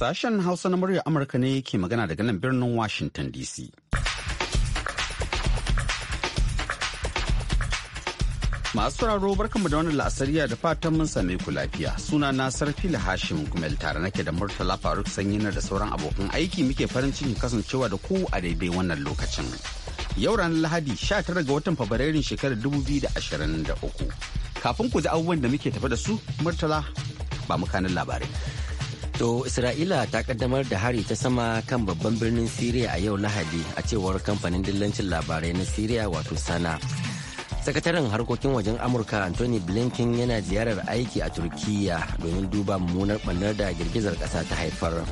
Sashen Hausa na murya Amurka ne ke magana daga nan birnin Washington DC. Masu sauraro barkanmu da wani la'asariya da fatan mun same ku lafiya. Suna na Sarfila Hashim Gumel tare nake da Murtala Faruk Sanyina da sauran abokan aiki muke farin cikin kasancewa da ku a daidai wannan lokacin. Yau ranar Lahadi 19 ga watan Fabrairun shekarar 2023. Kafin ku ji abubuwan da muke tafi da su, Murtala ba mu kanin labarai. To Isra'ila ta kaddamar da hari ta sama kan babban birnin Siriya a yau Lahadi a cewar kamfanin dillancin labarai na Siriya wato Sana. Sakataren harkokin wajen Amurka Anthony Blinken yana ziyarar aiki a Turkiyya domin duba mummunar bannar da girgizar ƙasa ta haifar.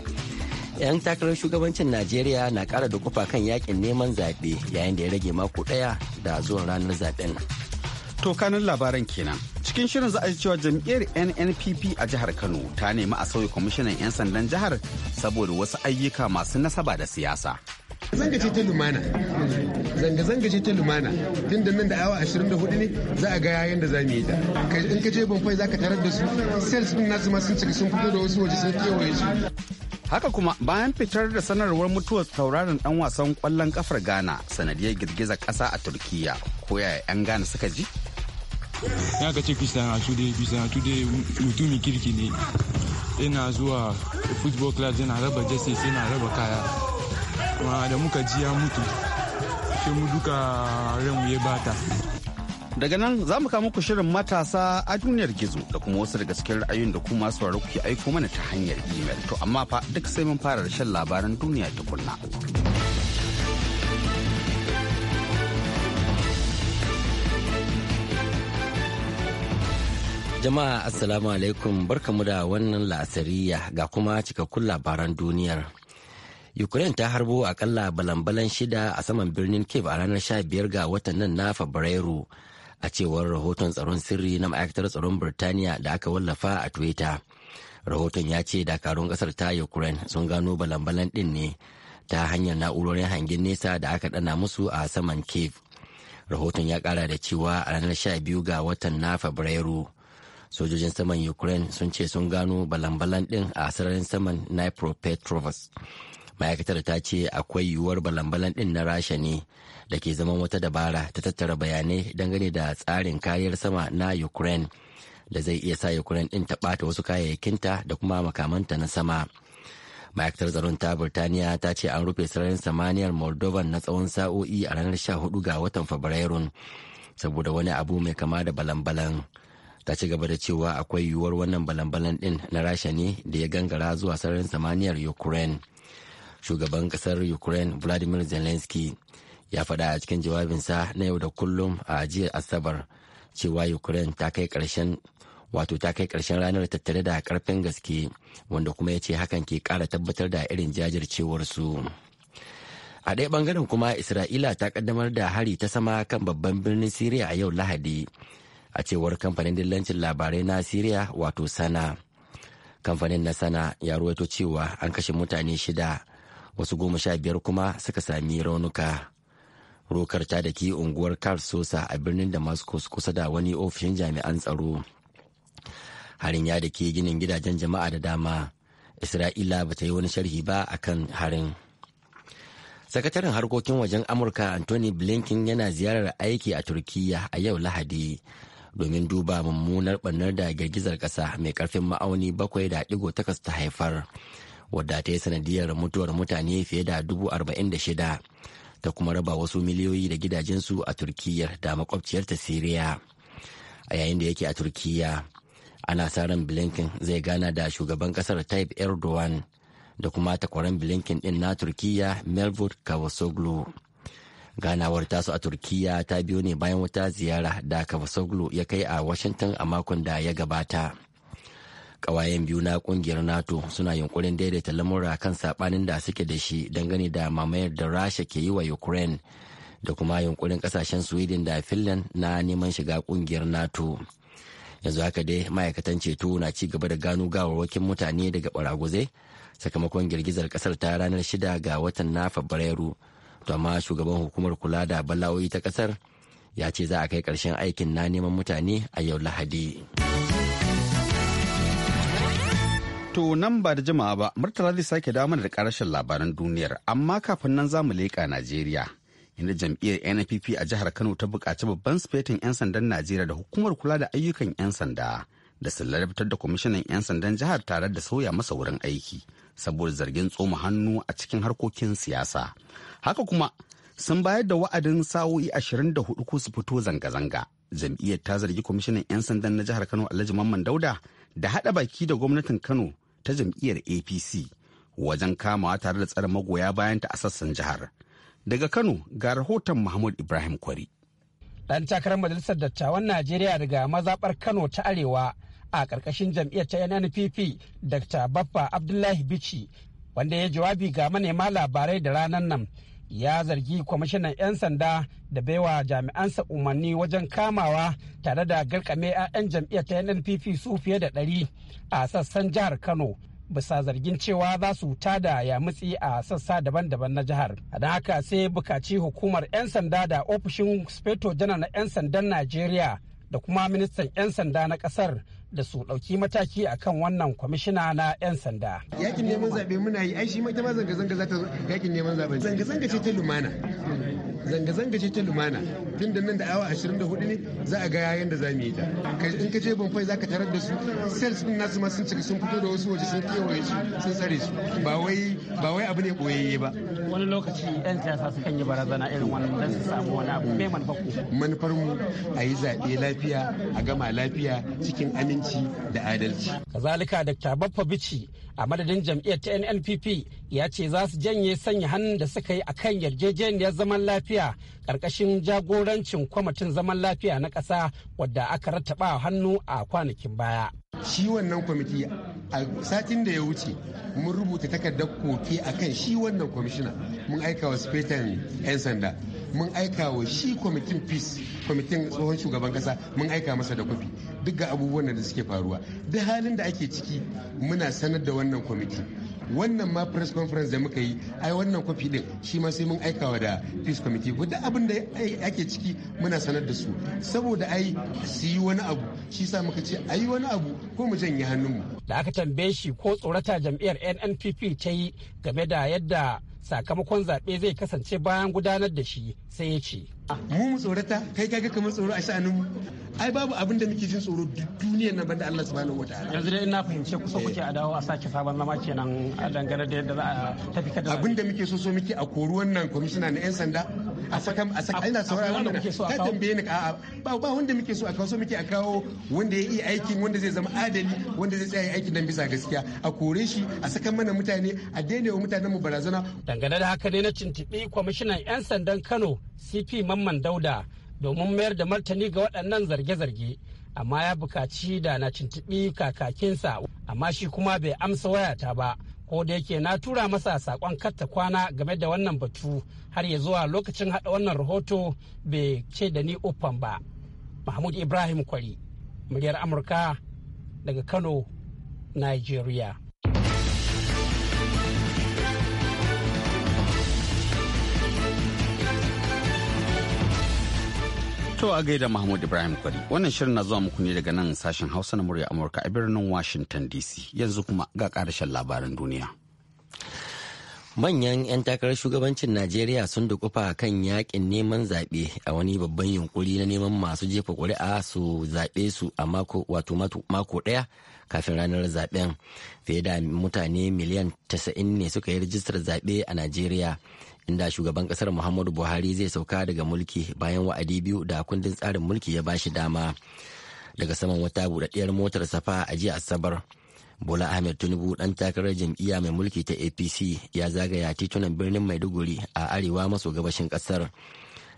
'Yan takarar shugabancin Najeriya na ƙara da kufa kan yakin neman zaɓe yayin da ya rage mako ɗaya da zuwan ranar zaɓen. To kanin labaran kenan. cikin shirin za a cewa jam'iyyar nnpp a jihar kano ta nemi a sauya kwamishinan 'yan sandan jihar saboda wasu ayyuka masu nasaba da siyasa zanga ce ta lumana zanga-zanga ce ta lumana tun da nan da awa 24 ne za a ga yayin da za mu yi ta in ka je banfai za ka tarar da su sales din nasu ma sun cika sun fito da wasu waje sun kewaye su haka kuma bayan fitar da sanarwar mutuwar tauraron dan wasan kwallon kafar ghana sanadiyar girgizar kasa a turkiya ko 'yan ghana suka ji ya ka ce Christian Atude Christian Atude mutumin kirki ne yana zuwa football club yana raba sai na raba kaya kuma da muka ji ya mutu sai mu duka ranmu ya bata daga nan za mu kawo muku shirin matasa a duniyar gizo da kuma wasu daga cikin ra'ayoyin da kuma su kuke aiko mana ta hanyar email to amma fa duk sai mun fara rashin labaran duniya tukunna. Jama'a Assalamu alaikum barkamu da wannan la'asariya ga kuma cikakkun labaran duniyar. Ukraine ta harbo akalla balan-balan shida a saman birnin Kiev a ranar 15 ga watan nan na Fabrairu a cewar rahoton tsaron sirri na ma'aikatar tsaron Birtaniya da aka wallafa a Twitter. Rahoton ya ce dakarun kasar ta Ukraine sun gano balan-balan din ne ta hanyar na'urorin hangen nesa da aka dana musu a saman Kiev. Rahoton ya kara da cewa a ranar 12 ga watan na Fabrairu. sojojin saman ukraine sun ce sun gano balan-balan din a sararin saman nipropetrovsk ma'aikatar ta ce akwai yiwuwar balan-balan din na rasha ne da ke zama wata dabara ta tattara bayanai dangane da tsarin kariyar sama na ukraine da zai iya sa ukraine din ta bata wasu kayayyakinta da kuma makamanta na sama ma'aikatar tsaron ta birtaniya ta ce an rufe sararin samaniyar moldova na tsawon sa'o'i a ranar 14 ga watan fabrairun saboda wani abu mai kama da balan-balan ta ci gaba da cewa akwai yiwuwar wannan balan-balan din na rasha ne da ya gangara zuwa sararin samaniyar ukraine shugaban kasar ukraine vladimir zelensky ya faɗa a cikin jawabinsa na yau da kullum a jiya asabar cewa ukraine ta kai ƙarshen wato ta kai ƙarshen ranar tattare da ƙarfin gaske wanda kuma ya ce hakan ke kara tabbatar da irin jajircewar su. a ɗaya ɓangaren kuma isra'ila ta ƙaddamar da hari ta sama kan babban birnin siriya a yau lahadi a cewar kamfanin dillancin labarai na siriya wato sana kamfanin na sana ya ruwaito cewa an kashe mutane shida wasu goma sha biyar kuma suka sami raunuka rokar ta da ke unguwar kar sosa a birnin damascus kusa da wani ofishin jami'an tsaro harin ya da ke ginin gidajen jama'a da dama isra'ila ba ta yi wani sharhi ba akan harin sakataren harkokin wajen amurka anthony blinken yana ziyarar aiki a turkiyya a yau lahadi domin duba mummunar ɓannar da girgizar ƙasa mai ƙarfin ma'auni bakwai da ɗigo takas ta haifar wadda ta yi sanadiyar mutuwar mutane fiye da dubu arba'in da shida ta kuma raba wasu miliyoyi da gidajensu a turkiyya da makwabciyarta siriya a yayin da yake a turkiyya ana sa ran bilinkin zai gana da shugaban ƙasar Type erdogan da kuma takwaran blinken din na turkiyya melvod cavusoglu ganawar tasu a turkiya ta biyo ne bayan wata ziyara da kafasoglu ya kai a washington a makon da ya gabata kawayen biyu na kungiyar nato suna yunkurin daidaita lamura kan sabanin da suke da shi dangane da mamayar da rasha ke yi wa ukraine da kuma yunkurin kasashen sweden da finland na neman shiga kungiyar nato yanzu haka dai ma'aikatan ceto na ci gaba da gano gawarwakin mutane daga baraguzai sakamakon girgizar kasar ta ranar shida ga watan na fabrairu to amma shugaban hukumar kula da bala'o'i ta kasar ya ce za a kai karshen aikin na neman mutane a yau lahadi to nan ba da jama'a ba murtala zai sake dawo da karashen labaran duniyar amma kafin nan za mu leƙa najeriya inda jam'iyyar npp a jihar kano ta buƙaci babban sufetin 'yan sandan najeriya da hukumar kula da ayyukan 'yan sanda da su larabtar da kwamishinan 'yan sandan jihar tare da sauya masa wurin aiki saboda zargin tsoma hannu a cikin harkokin siyasa haka kuma sun bayar da wa'adin sa'o'i ashirin da hudu ko su fito zanga-zanga jam'iyyar ta zargi kwamishinan 'yan sandan na jihar kano alhaji mamman dauda da haɗa baki da gwamnatin kano ta jam'iyyar apc wajen kamawa tare da tsare magoya bayan ta a sassan jihar daga kano ga rahoton mahmud ibrahim kwari dan takarar majalisar dattawan najeriya daga mazaɓar kano ta arewa a ƙarƙashin jam'iyyar ta nnpp dr baffa abdullahi bichi wanda ya jawabi ga manema labarai da ranar nan ya zargi kwamishinan 'yan sanda da baiwa jami'ansa umarni wajen kamawa tare da garkame 'ya'yan jam'iyyar ta nnpp su fiye da ɗari a sassan jihar kano bisa zargin cewa za su tada ya mutsi a sassa daban-daban na jihar don haka sai bukaci hukumar 'yan sanda da ofishin speto janar na 'yan sandan najeriya da kuma ministan 'yan sanda na kasar da su ɗauki mataki akan wannan kwamishina na 'yan sanda. Yakin neman zaɓe muna yi ai shi ma ita ma zanga-zanga za ta yakin neman zaɓe. Zanga-zanga ce ta lumana. zanga-zanga ce ta lumana tun da nan da awa 24 ne za a ga yayin da za mu yi ta in ka je banfai za ka tarar da su sales din nasu ma sun cika sun fito da wasu waje sun kewaye su sun tsare su ba wai ba abu ne boyayye ba wani lokaci yan siyasa su kan yi barazana irin wannan dan su samu wani abu mai manufa ko. manufar mu a yi zaɓe lafiya a gama lafiya cikin aminci da adalci kazalika dr baffa bici a madadin jam'iyyar ta nnpp ya ce za su janye sanya hannun da suka yi a kan yarjejeniyar zaman lafiya lafiya ƙarƙashin jagorancin kwamitin zaman lafiya na ƙasa wadda aka rattaba hannu a kwanakin baya. Shi wannan kwamiti a satin da ya wuce mun rubuta takardar koke a kan shi wannan kwamishina mun aika wa sufetan 'yan sanda mun aika wa shi kwamitin peace kwamitin tsohon shugaban kasa mun aika masa da kwafi duk ga abubuwan da suke faruwa duk halin da ake ciki muna sanar da wannan kwamiti wannan ma press conference da muka yi ai wannan kwafi din shi ma sai mun aikawa da peace committee ko duk abin da ake ciki muna sanar da su saboda ai su yi wani abu shi sa muka ce ai wani abu ko mu janye hannunmu da aka tambaye shi ko tsorata jam'iyyar NNPP ta yi game da yadda sakamakon zaɓe zai kasance bayan gudanar da shi sai ya ce Ah, mu mu tsorata kai ga kamar tsoro a sha'anin mu ai babu abin da muke jin tsoro duk duniyar nan banda Allah subhanahu wataala yanzu dai ina fahimce kusa kuke a dawo a sake sabon zama kenan a dangane da yadda za a tafi kada abin da muke so so muke a kori wannan commissioner na yan sanda a saka a saka ina sauraron wannan ka tambaye ni a'a ba ba wanda muke so a kawo so muke a kawo wanda ya yi aikin wanda zai zama adali wanda zai tsaya aikin dan bisa gaskiya a kore shi a saka mana mutane a daina wa mutanen mu barazana dangane da haka ne na cintibi kwamishinan yan sandan Kano CP Mamman Dauda domin mayar da martani ga waɗannan zarge-zarge. Amma ya bukaci da na tuntuɓi kakakinsa amma shi kuma bai amsa wayata ba. Ko da yake na tura masa saƙon katta kwana game da wannan batu har ya zuwa lokacin haɗa wannan rahoto bai ce da ni uffan ba. Mahmud Ibrahim Kwari, muryar Amurka daga Kano, Nigeria. To a gaida Mahmud Ibrahim Kwari wannan shirin na zuwa muku ne daga nan sashen Hausa na murya Amurka a birnin Washington DC yanzu kuma ga karashen labaran duniya. Manyan 'yan takarar shugabancin Najeriya sun dukufa kan yakin neman zaɓe a wani babban yunkuri na neman masu jefa ƙuri'a su zaɓe su a mako wato mako ɗaya kafin ranar zaɓen. Fiye da mutane miliyan 90 ne suka yi rijistar zaɓe a Najeriya. inda shugaban kasar muhammadu buhari zai sauka daga mulki bayan wa'adi biyu da kundin tsarin mulki ya bashi dama daga saman wata buɗaɗɗiyar motar safa a jiya asabar bola ahmed tinubu dan takarar jam'iyya mai mulki ta apc ya zagaya titunan birnin maiduguri a arewa maso gabashin kasar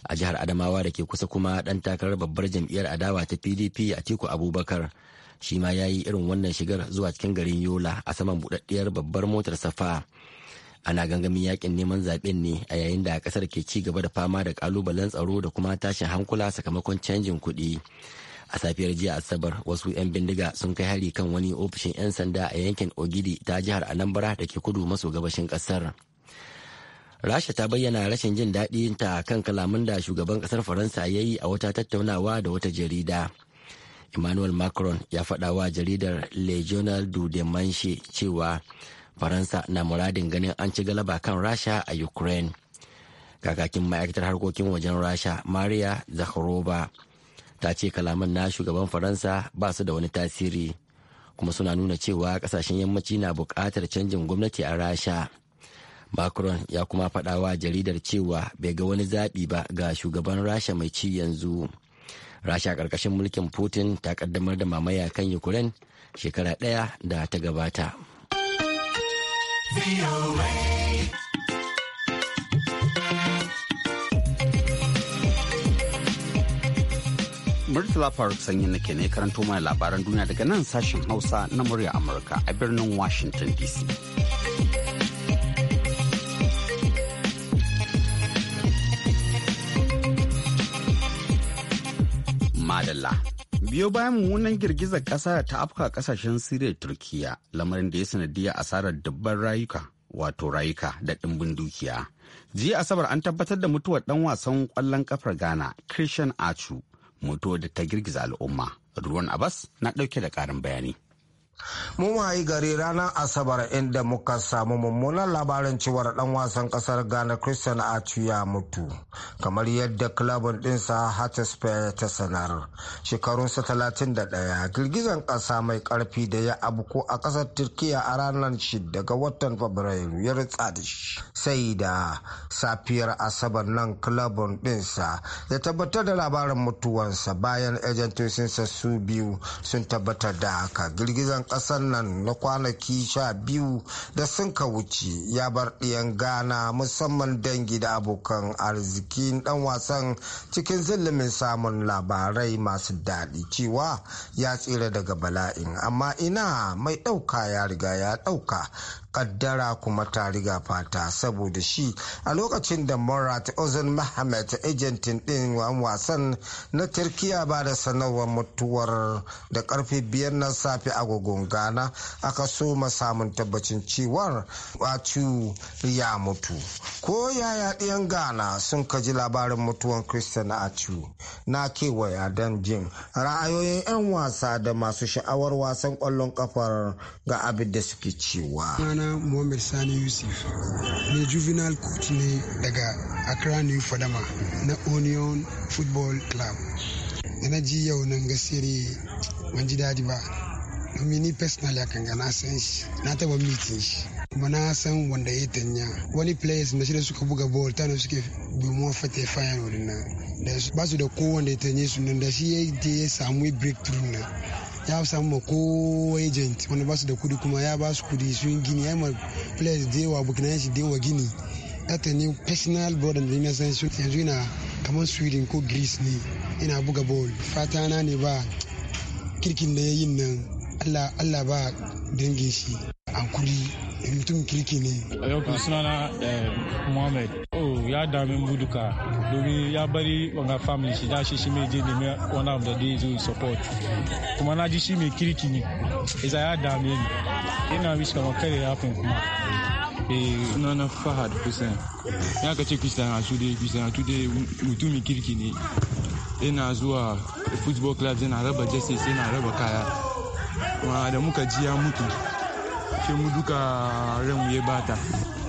a jihar adamawa da ke kusa kuma dan takarar babbar jam'iyyar adawa ta pdp a tiku abubakar shi ma ya yi irin wannan shigar zuwa cikin garin yola a saman buɗaɗɗiyar babbar motar safa ana gangamin yakin neman zaben ne a yayin da kasar ke ci gaba da fama da kalubalen tsaro da kuma tashin hankula sakamakon canjin kuɗi a safiyar jiya asabar wasu 'yan bindiga sun kai hari kan wani ofishin 'yan sanda a yankin ogidi ta jihar anambra da ke kudu maso gabashin kasar rasha ta bayyana rashin jin daɗin ta kan kalaman da shugaban kasar faransa ya yi a wata tattaunawa da wata jarida emmanuel macron ya faɗa jaridar le journal du dimanche cewa faransa na muradin ganin an ci galaba kan rasha a ukraine kakakin ma'aikatar harkokin wajen rasha maria zakharova ta ce kalaman na shugaban faransa ba su da wani tasiri kuma suna nuna cewa kasashen yammaci na bukatar canjin gwamnati a rasha macron ya kuma faɗawa jaridar cewa bai ga wani zaɓi ba ga shugaban rasha mai ci yanzu rasha ƙarƙashin mulkin putin ta ƙaddamar da mamaya kan ukraine shekara ɗaya da ta gabata Murtala Faruk Sanyi nake ne karanto mana labaran duniya daga nan sashen Hausa na murya Amurka a birnin Washington DC. Madalla. biyo bayan mummunan girgizar ƙasa ta afka ƙasashen siriya turkiya lamarin da ya sanadiyar asarar dubban rayuka wato rayuka da ɗimbin dukiya jiya asabar an tabbatar da mutuwar ɗan wasan ƙwallon kafar ghana christian achu mutuwar da ta girgiza al'umma ruwan abbas na ɗauke da ƙarin bayani mu wayi gari ranar asabar inda muka samu mummunan labarin cewar dan wasan kasar ghana christian atu ya mutu kamar yadda klabin dinsa hatterspear ta sanar shekarunsa 31 girgizan kasa mai karfi da ya abuko a kasar turkiya a ranar 6 daga watan fabrairu ya ritsa da shi sai da safiyar asabar nan klabin dinsa ya tabbatar da labarin mutuwansa bayan ejentosinsa su biyu sun tabbatar da haka girgizan ƙasar nan na kwanaki sha biyu da sun ka wuce ya bar ɗiyan ghana musamman dangi da abokan arziki dan wasan cikin zillimin samun labarai masu daɗi cewa ya tsira daga bala'in amma ina mai ɗauka ya riga ya ɗauka kaddara kuma ta riga fata saboda shi a lokacin da morat ozan mohamed ejentin din wasan na turkiya ba da sanarwar mutuwar da karfe biyar na safe agogon ghana aka so samun tabbacin cewar watu ya mutu ko yaya ɗiyan ghana sun kaji labarin mutuwan christian achu na kewaya don jin ra'ayoyin 'yan wasa da masu sha'awar wasan kwallon kafar ga abin da suke cewa sunana Muhammad Sani Yusuf ne juvenile coach ne daga Accra New Fadama na Union Football Club. Da ji yau nan gasiri ban ji daɗi ba. Domin ni personal ya kanga na san shi, na taba mitin shi. Kuma na san wanda ya tanya. Wani players na shida suka buga ball tana suke domin fata final nan. Da ba su da kowanne ya tanye su nan da shi ya je ya samu breakthrough na. ya samu ko agent wanda ba su da kudi kuma ya ba su kudi sun gini ya ma players da yawa burkina shi da yawa gini ta ne personal brother da na san yanzu yana kamar sweden ko greece ne ina buga ball fata na ne ba kirkin da ya yi nan allah ba dangin shi a kuri mutum kirki ne. Yau suna na eh, Muhammad ya dami mu duka domin ya bari wanga family shi dashi shi mai je nemi one of the days we support kuma na ji shi mai kirki ne isa ya dame ni ina wish kamar kare ya fin kuma eh. na fahad hussein ya kace ce christian asu dai christian asu dai mutumi kirki ne ina zuwa football club yana raba jerseys yana raba kaya kuma da muka ji ya mutu shi mu duka ranwuye ya bata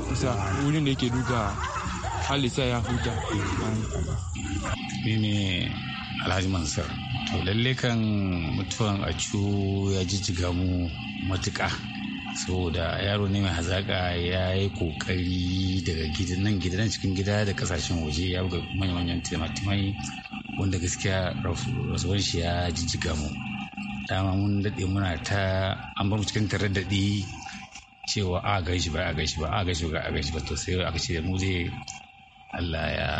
kusa wurin da yake duka hali sai ya huta mene alhaji mansur to lalle kan mutuwan a cu ya jijjiga mu matuƙa saboda yaro ne mai hazaƙa ya yi ƙoƙari daga gidan gidan cikin gida da kasashen waje ya buga manya-manyan timatimai wanda gaskiya rasuwan shi ya jijjiga mu dama mun daɗe muna ta an bar cikin tare daɗi cewa a gaishi ba a gaishi ba a gaishi ba a gaishi ba to sai aka ce da mu zai Allah ya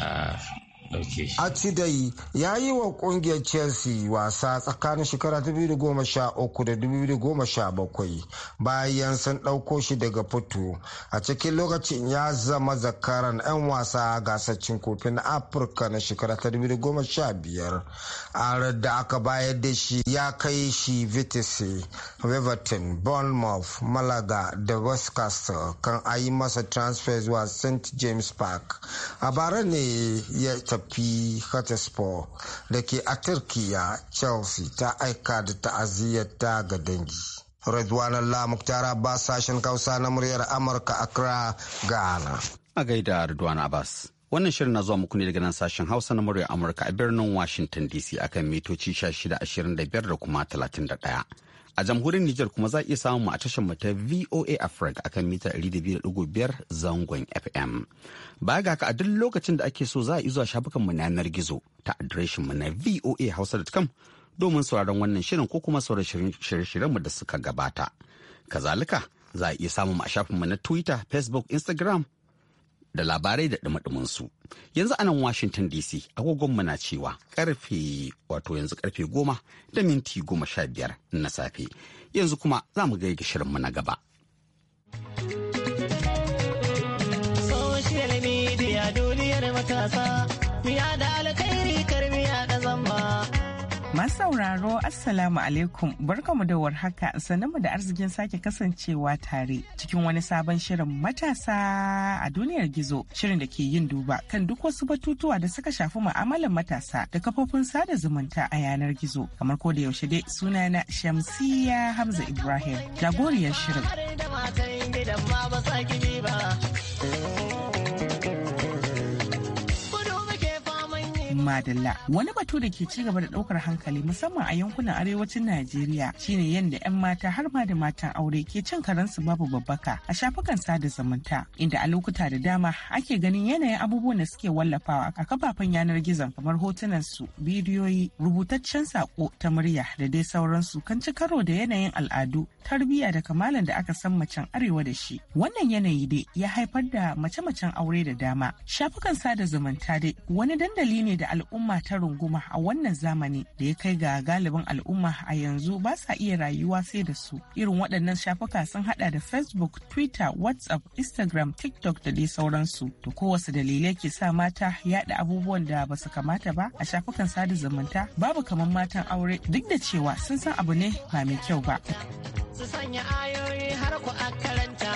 a ci dai ya yi wa kungiyar Chelsea wasa tsakanin shekara 2013 da 2017 bayan sun ɗauko shi daga fito. A cikin lokacin ya zama zakaran 'yan wasa a gasar cin kofin Afirka na shekara 2015. A da aka bayar da shi ya kai shi vtc riverton Bournemouth, Malaga da Westcastle kan ayi masa transfer zuwa St. James Park. A bara ne ya tafi tafi hotspur da ke a turkiya chelsea ta aika da ta'aziyyarta ga dangi Redwan Allah tara ba sashen kausa na muryar amurka accra ghana a gaida redwan abbas wannan shirin na zuwa muku ne daga nan sashen hausa na muryar amurka a birnin washington dc akan mitoci 1625 da kuma 31 A jamhuriyar Nijar kuma za a iya samun mu a tashar mu ta VOA Africa akan mita 200.5 zangon FM. Baya ga ka a duk lokacin da ake so za a zuwa shafukan mu na yanar gizo ta adireshin mu na voahausa.com domin sauraron wannan shirin ko kuma sauraron shirye-shiryen mu da suka gabata. Kazalika za a iya samun mu a shafin mu na Twitter, Facebook, Instagram da labarai da dumadumin su. Yanzu anan Washington DC agogon na cewa karfe wato yanzu karfe goma da minti goma sha biyar na safe. Yanzu kuma za mu gaige shirinmu na gaba. Social media duniyar matasa. sauraro Assalamu alaikum barkamu da warhaka sanamu da arzikin sake kasancewa tare cikin wani sabon shirin matasa a duniyar gizo shirin da ke yin duba kan duk wasu batutuwa da suka shafi mu'amalar matasa da kafofin sada zumunta a yanar gizo kamar ko da yaushe dai suna na Shamsiya Hamza Ibrahim jagoriyar shirin. madalla wani batu da ke cigaba da daukar hankali musamman a yankunan arewacin najeriya shine yadda 'yan mata har ma da matan aure ke cin karansu babu babbaka a shafukan sada zumunta inda a lokuta da dama ake ganin yanayin abubuwan da suke wallafawa a kafafen yanar gizon kamar hotunan su bidiyoyi rubutaccen sako ta murya da dai sauransu kan ci karo da yanayin al'adu tarbiyya da kamalan da aka san macen arewa da shi wannan yanayi dai ya haifar da mace-macen aure da dama shafukan sada zumunta dai wani dandali ne da al'umma ta runguma a wannan zamani da ya kai ga galibin al'umma a yanzu ba sa iya rayuwa sai da su irin waɗannan shafuka sun hada da facebook twitter whatsapp instagram tiktok da dai sauransu to kowace dalilai ke sa mata yada abubuwan da ba su kamata ba a shafukan sada zumunta babu kamar matan aure duk da cewa sun san abu ne ba mai kyau ba su sanya ayoyi har ku a karanta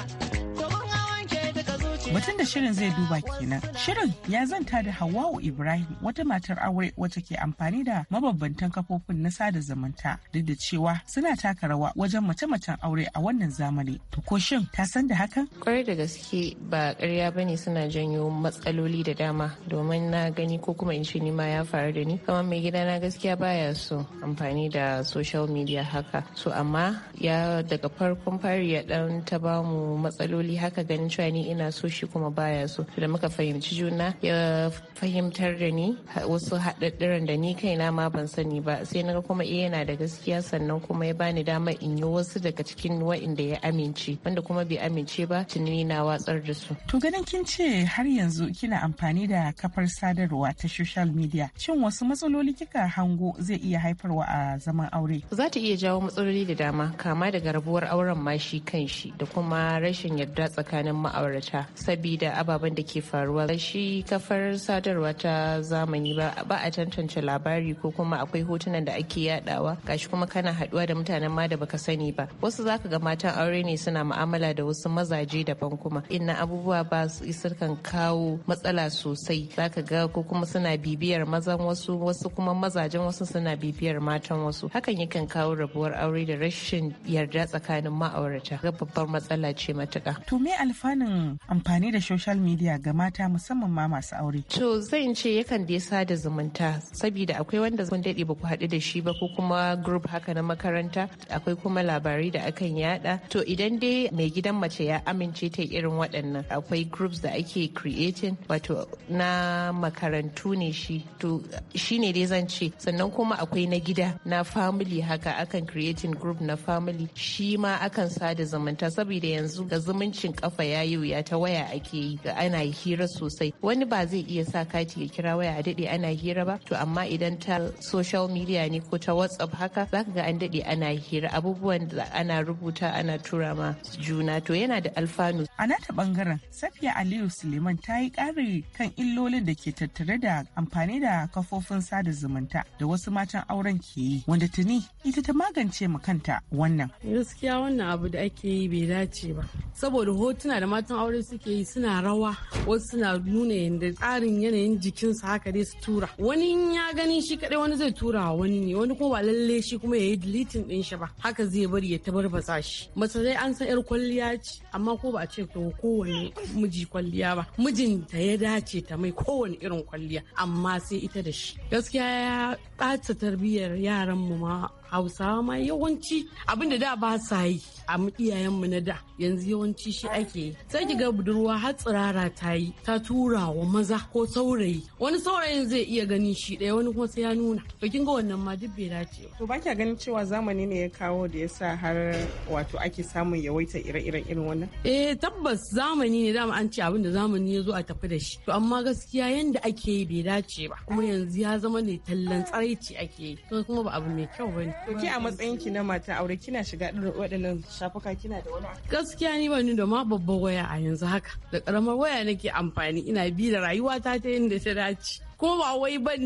Batun da shirin zai duba kenan. Shirin ya zanta da Hawwa'u Ibrahim wata matar aure wacce ke amfani da mababbantan kafofin na sada zumunta duk da cewa suna taka rawa wajen mace-macen aure a wannan zamani. To ko shin ta san da hakan? Kwarai da gaske ba ƙarya bane suna janyo matsaloli da dama domin na gani ko kuma in ce ni ma ya faru da ni. Kamar mai gida na gaskiya baya so amfani da social media haka. So amma ya daga farkon fari ya dan ta bamu matsaloli haka ganin cewa ni ina so shi shi kuma baya so da muka fahimci juna ya fahimtar da ni wasu haɗaɗɗiran da ni kaina ma ban sani ba sai na kuma iya eh, yana da gaskiya sannan kuma ya bani dama in yi wasu daga cikin wa'inda ya amince wanda kuma bai amince ba tuni na watsar da su to ganin kin ce har yanzu kina amfani da kafar sadarwa ta social media shin wasu matsaloli kika hango zai iya haifarwa a zaman aure za ta iya jawo matsaloli da dama kama daga rabuwar auren ma shi kan shi da kuma rashin yarda tsakanin ma'aurata da ababen da ke faruwa shi kafar sadarwa ta zamani ba ba a tantance labari ko kuma akwai hotunan da ake yadawa gashi kuma kana haduwa da mutanen ma da baka sani ba wasu zaka ga matan aure ne suna mu'amala da wasu mazaje daban kuma inna abubuwa ba su kan kawo matsala sosai zaka ga ko kuma suna bibiyar mazan wasu wasu kuma mazajen wasu suna bibiyar matan wasu hakan yakan kawo rabuwar aure da rashin yarda tsakanin ma'aurata babbar matsala ce matuka to me alfanun amfani amfani da social media ga mata musamman ma masu aure? To zan ce yakan da sada zumunta saboda akwai wanda kun daɗe ba ku haɗu da shi ba ko kuma group haka na makaranta akwai kuma labarai da akan yada. To idan dai mai gidan mace ya amince ta irin waɗannan akwai groups da ake creating wato na makarantu ne shi to shi ne dai zan ce sannan kuma akwai na gida na family haka akan creating group na family shi ma akan sada zumunta saboda yanzu ga zumuncin kafa ya yi wuya ta waya ake yi ana hira sosai wani ba zai iya sa kati ya kira waya a daɗe ana hira ba to amma idan ta social media ne ko ta whatsapp haka zaka ga an daɗe ana hira abubuwan da ana rubuta ana tura ma juna to yana da alfanu. A nata bangaren Safiya Aliyu Suleiman ta yi ƙari kan illolin da ke tattare da amfani da kafofin sada zumunta da wasu matan auren ke yi wanda tuni ita ta magance ma kanta wannan. Gaskiya wannan abu da ake yi bai dace ba saboda hotuna da matan aure suke yi suna rawa wasu suna nuna yadda tsarin yanayin jikinsu haka dai su tura wani ya gani shi kadai wani zai tura wani ne wani kuma ba lalle shi kuma ya yi dilitin din shi ba haka zai bari ya tabar tabarbasa shi mace dai an san yar kwalliya ce amma ko ba a ce ko kowane miji kwalliya ba mijinta ya dace ta mai kowane irin kwalliya amma sai ita da shi gaskiya ya ɓata tarbiyyar yaran mu ma hausawa ma yawanci abinda da ba sa yi a iyayenmu na da yanzu yawanci shi ake yi sai ki ga budurwa har tsirara ta yi ta tura wa maza ko saurayi wani saurayin zai iya ganin shi ɗaya wani kuma sai ya nuna to kin ga wannan ma duk bai dace ba to ba kya ganin cewa zamani ne ya kawo da ya sa har wato ake samun yawaita ire-iren irin wannan eh tabbas zamani ne dama an ce abin da zamani ya zo a tafi da shi to amma gaskiya yanda ake yi bai dace ba kuma yanzu ya zama ne tallan tsaraici ake yi kuma ba abu mai kyau bane To ke a matsayin ki na mata aure kina shiga irin waɗannan shafuka kina da wani Gaskiya ni ba da ma babban waya a yanzu haka. Da karamar waya nake amfani ina bi da rayuwata ta yadda ta dace. ko ba wai ban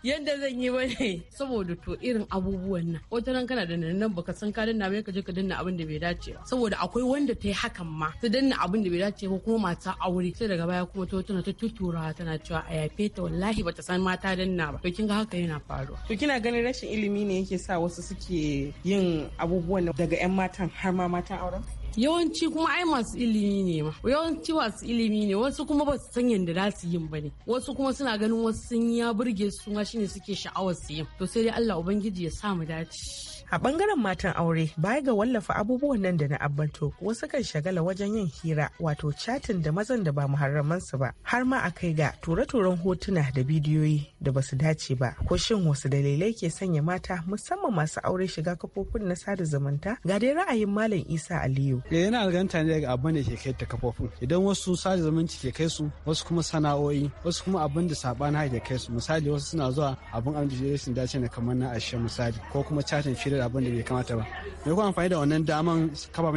yadda zan yi bane saboda to irin abubuwan nan wata ran kana da nan baka san ka danna mai ka je ka danna abin da bai dace saboda akwai wanda ta yi hakan ma ta danna abin da bai dace ko kuma mata aure sai daga baya kuma ta tana ta tutura tana cewa a yafe ta wallahi bata san mata danna ba to kin ga haka yana faruwa to kina ganin rashin ilimi ne yake sa wasu suke yin abubuwan daga 'yan matan har ma matan auren yawanci kuma ai masu ilimi ne ma yawanci masu ilimi ne wasu kuma ba su san yadda za su yin ba ne wasu kuma suna ganin wasu sun ya burge su ma shine suke sha'awar su yin to sai dai Allah ubangiji ya sa mu dace a bangaren matan aure baya ga wallafa abubuwan nan da na abbanto wasu kan shagala wajen yin hira wato chatin da mazan da ba muharraman su ba har ma a kai ga ture-turen hotuna da bidiyoyi da ba su dace ba ko shin wasu dalilai ke sanya mata musamman masu aure shiga kafofin na sada zumunta ga dai ra'ayin malam isa aliyu eh yana alganta ne daga abin da ke kai ta kafofin idan wasu sada zumunci ke kai su wasu kuma sana'o'i wasu kuma abin da sabana na ke kai su misali wasu suna zuwa abin abin da sun dace na kamar na ashe misali ko kuma chatin fiye da abin da bai kamata ba me kuma amfani da wannan daman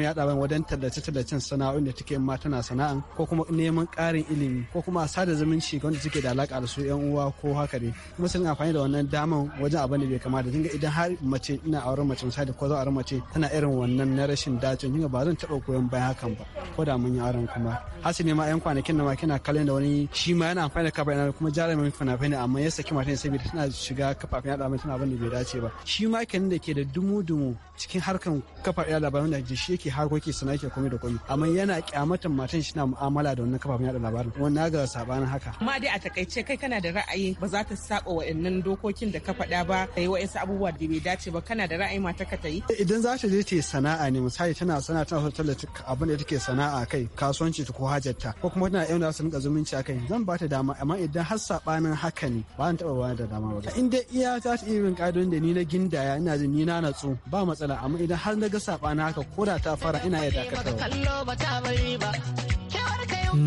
yada yaɗa wajen tallace-tallacen sana'o'in da take ma tana sana'an ko kuma neman ƙarin ilimi ko kuma sada zumunci wanda suke da alaƙa da su yan uwa ko haka ne kuma sun amfani da wannan daman wajen abin da bai kamata dinga idan har mace ina auren mace misali ko za auren mace tana irin wannan na rashin dace dinga ba zan taɓa koyon bayan hakan ba ko da mun yi aron kuma ne ma yan kwanakin da ma kina kallon da wani shi ma yana amfani da kafa yana kuma jarumin fana-fana amma ya saki matan saboda tana shiga kafafen yada mai tana abin da bai dace ba shi ma kenan da ke da dumu-dumu cikin harkan kafafen yada labaran da shi yake harkoki sana yake komai da komai amma yana kyamatan matan shi na mu'amala da wannan kafafen yada labarin wannan ga sabanin haka amma dai a takaice kai kana da ra'ayi ba za ta saba wa'annan dokokin da ka faɗa ba kai wa'ansu abubuwa da bai dace ba kana da ra'ayi mata ka ta yi idan za ta je ta sana'a ne misali tana sana'a tana tallata abin da take sana'a kai kasuwanci ko hajarta ko kuma tana yau da su rinka zumunci a kai zan ba ta dama amma idan har sabanin haka ne ba zan taba bani da dama ba in dai iya ta ta irin kadon da ni na gindaya ina jin ni na natsu ba matsala amma idan har na ga sabanin haka ko da ta fara ina iya ba.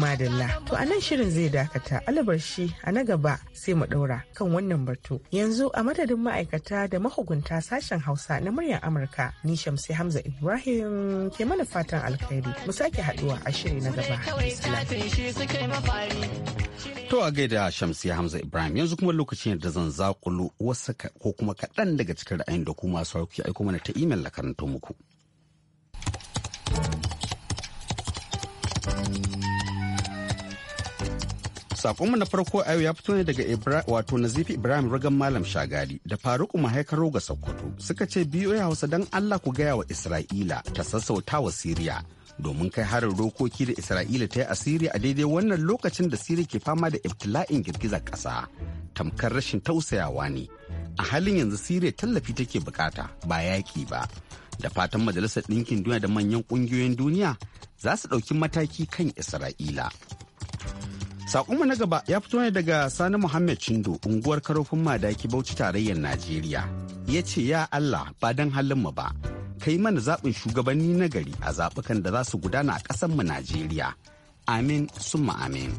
Madalla. To a nan shirin zai dakata albarshi a na gaba sai mu ɗaura kan wannan batu. Yanzu a madadin ma'aikata da mahugunta sashen Hausa na muryar Amurka ni Shamsi Hamza Ibrahim ke mana fatan alkhairi. Mu sake haɗuwa a shiri na gaba. To a gaida Shamsi Hamza Ibrahim yanzu kuma lokacin da zan zakulu wasu ko kuma kaɗan daga cikin ra'ayin da ku masu aiko mana ta imel la karanto muku. Sakonmu na farko a yau ya fito ne daga wato Nazifi Ibrahim Ragan Malam Shagari da Faruku Mahaikaro ga Sokoto suka ce biyo Hausa don Allah ku gaya wa Isra'ila ta sassauta wa Siriya domin kai harin rokoki da Isra'ila ta yi a Siriya a daidai wannan lokacin da Siriya ke fama da ibtila'in girgizar ƙasa tamkar rashin tausayawa ne. A halin yanzu Siriya tallafi take bukata ba yaƙi ba. Da fatan Majalisar Ɗinkin Duniya da manyan ƙungiyoyin duniya za su ɗauki mataki kan Isra'ila. Sakonmu na gaba ya fito ne daga Sani Muhammad Chindo unguwar karofin madaki Bauchi tarayyar Najeriya. Ya ce ya Allah ba don halinmu ba, kai mana zaɓin shugabanni na gari a zaɓukan da za su gudana a ƙasanmu Najeriya. Amin summa amin.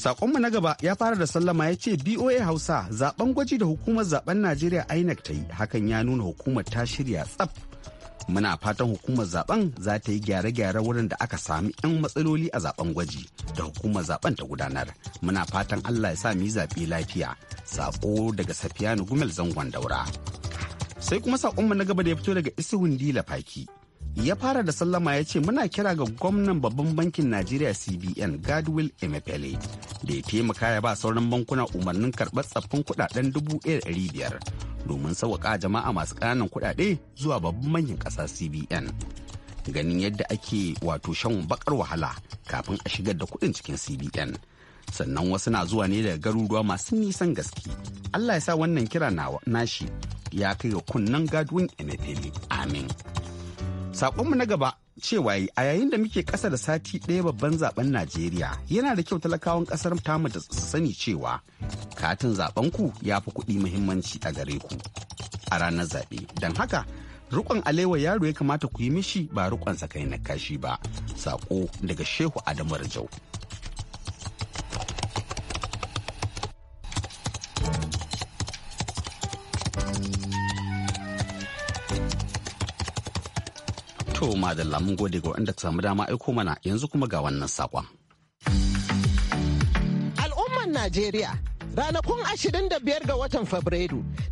Sakonmu na gaba ya fara da sallama ya ce BOA Hausa zaben gwaji da hukumar zaben Najeriya INEC ta yi hakan ya nuna hukumar ta shirya tsaf muna fatan hukumar zaben za ta yi gyare-gyare wurin da aka sami 'yan matsaloli a zaben gwaji da hukumar zaben ta gudanar muna fatan allah ya sa mu yi zaɓe lafiya Saƙo daga safiyanu gumel zangon daura sai kuma saƙonmu na gaba da ya fito daga isihun dila faki ya fara da sallama ya ce muna kira ga gwamnan babban bankin najeriya cbn godwill emefele da ya taimaka ya ba sauran bankuna umarnin karɓar tsaffin kuɗaɗen dubu biyar domin sauƙaƙa jama'a masu ƙananan kuɗaɗe zuwa babban manyan ƙasa cbn ganin yadda ake wato shan bakar wahala kafin a shigar da kuɗin cikin cbn sannan wasu na zuwa ne daga garuruwa masu nisan gaske allah ya sa wannan kira nashi ya kai ga kunnen gaduwin emefele amin saƙonmu na gaba cewa a yayin da muke kasa da sati ɗaya babban zaben Najeriya yana da kyau talakawan ƙasar tamu da sani cewa katin zaben ku ya fi kuɗi muhimmanci a gare ku a ranar zaɓe. Don haka rukon alewa yaro ya kamata ku yi mishi ba rikon kai na kashi ba. Sako daga Shehu Adamu Rajau. To da lamun gode ga wanda samu dama aiko mana yanzu kuma ga wannan sakon Al'ummar Najeriya ranakun 25 ga watan Fabrairu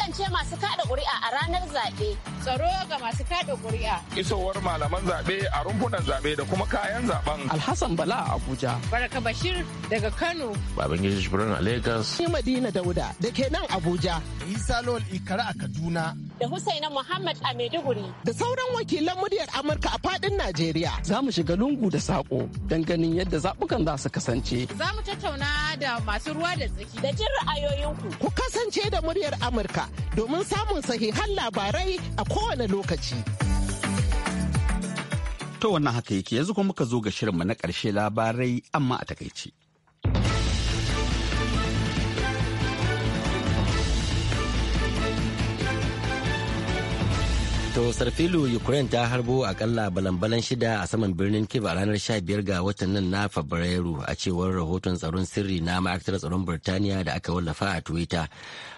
Tantance masu kada kuri'a a ranar zaɓe. Tsaro ga masu kada kuri'a Isowar malaman zaɓe a rumfunan zaɓe da kuma kayan zaɓen. Alhassan Bala a Abuja. Baraka Bashir daga Kano. Babangiji Shibirin a Lagos. Ni Madina Dauda da ke nan Abuja. Isa Lol Ikara a Kaduna. Da Husaina Muhammad a Maiduguri. Da sauran wakilan muryar Amurka a faɗin Najeriya. Za mu shiga lungu da saƙo don ganin yadda zaɓukan za su kasance. Za mu tattauna da masu ruwa da tsaki. Da jin ra'ayoyinku. Ku kasance da muryar Amurka domin samun sahihan labarai a kowane lokaci. To wannan haka yake yanzu kuma muka zo ga shirinmu na ƙarshe labarai amma a takaici. wato Sarfilu Ukraine ta harbo akalla balan-balan shida a saman birnin Kiev a ranar 15 ga watan nan na Fabrairu a cewar rahoton tsaron sirri na ma'aikatar tsaron Birtaniya da aka wallafa a Twitter.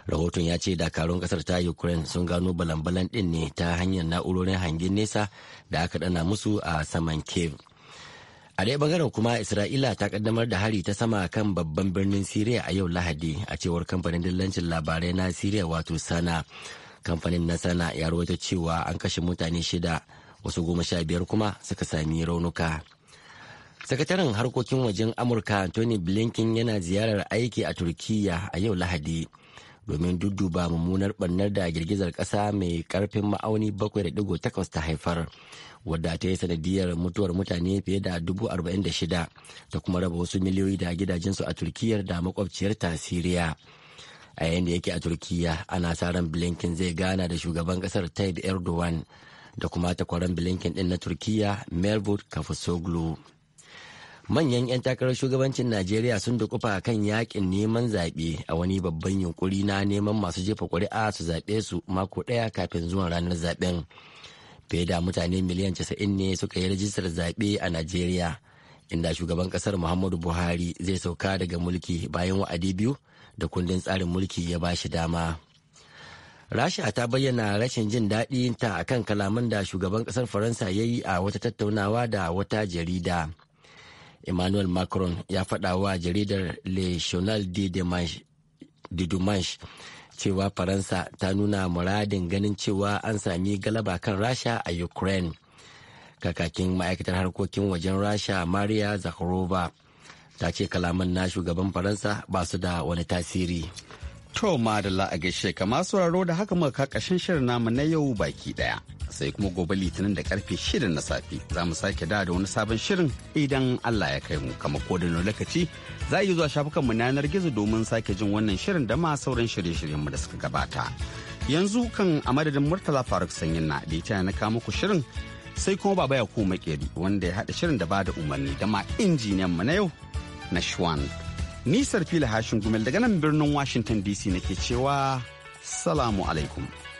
Rahoton ya ce dakarun kasar ta Ukraine sun gano balan-balan din ne ta hanyar na'urorin hangen nesa da aka dana musu a saman kiv A dai bangaren kuma Isra'ila ta kaddamar da hari ta sama kan babban birnin Siriya a yau Lahadi a cewar kamfanin dillancin labarai na Siriya wato Sana. kamfanin na sana ya rawaito cewa an kashe mutane shida wasu goma sha biyar kuma suka sami raunuka sakataren harkokin wajen amurka tony blinken yana ziyarar aiki a turkiyya a yau lahadi domin dudduba mummunar barnar da girgizar kasa mai karfin ma'auni 7.8 ta haifar wadda ta yi sanadiyar mutuwar mutane fiye da 46,000 da kuma raba wasu miliyoyi da gidajensu a turkiyar da makwabciyar ta siriya a yayin da yake a turkiya ana sa ran blinken zai gana da shugaban kasar tayyip erdogan da kuma takwaran blinken din na turkiya melvut kafusoglu. manyan 'yan takarar shugabancin najeriya sun da kufa kan yakin neman zaɓe a wani babban yunkuri na neman masu jefa ƙuri'a su zaɓe su mako ɗaya kafin zuwan ranar zaɓen fiye da mutane miliyan 90 ne suka yi rajistar zaɓe a najeriya inda shugaban ƙasar muhammadu buhari zai sauka daga mulki bayan wa'adi biyu da kundin tsarin mulki ya ba shi dama. Rasha ta bayyana rashin jin daɗi ta akan kalaman da shugaban ƙasar Faransa ya yi a wata tattaunawa da wata jarida. Emmanuel Macron ya faɗa wa jaridar Le Journal de Dumanche cewa Faransa ta nuna muradin ganin cewa an sami galaba kan Rasha a Ukraine. Kakakin ma'aikatar harkokin wajen Rasha Maria Zakharova ta ce kalaman na shugaban faransa ba su da wani tasiri to madalla a gaishe kama sauraro da haka muka kakashin shirin namu na yau baki daya sai kuma gobe litinin da karfe shida na safe za mu sake da da wani sabon shirin idan allah ya kai mu kama ko da lokaci za a yi zuwa shafukanmu na yanar gizo domin sake jin wannan shirin da ma sauran shirye-shiryenmu da suka gabata yanzu kan a madadin murtala faruk sanyin na da na kama ku shirin sai kuma baba ya kuma makeri wanda ya haɗa shirin da ba da umarni da ma injiniyan mu na yau na Shwan. Nisar fila hashin gumel daga nan birnin Washington DC nake cewa Salamu alaikum.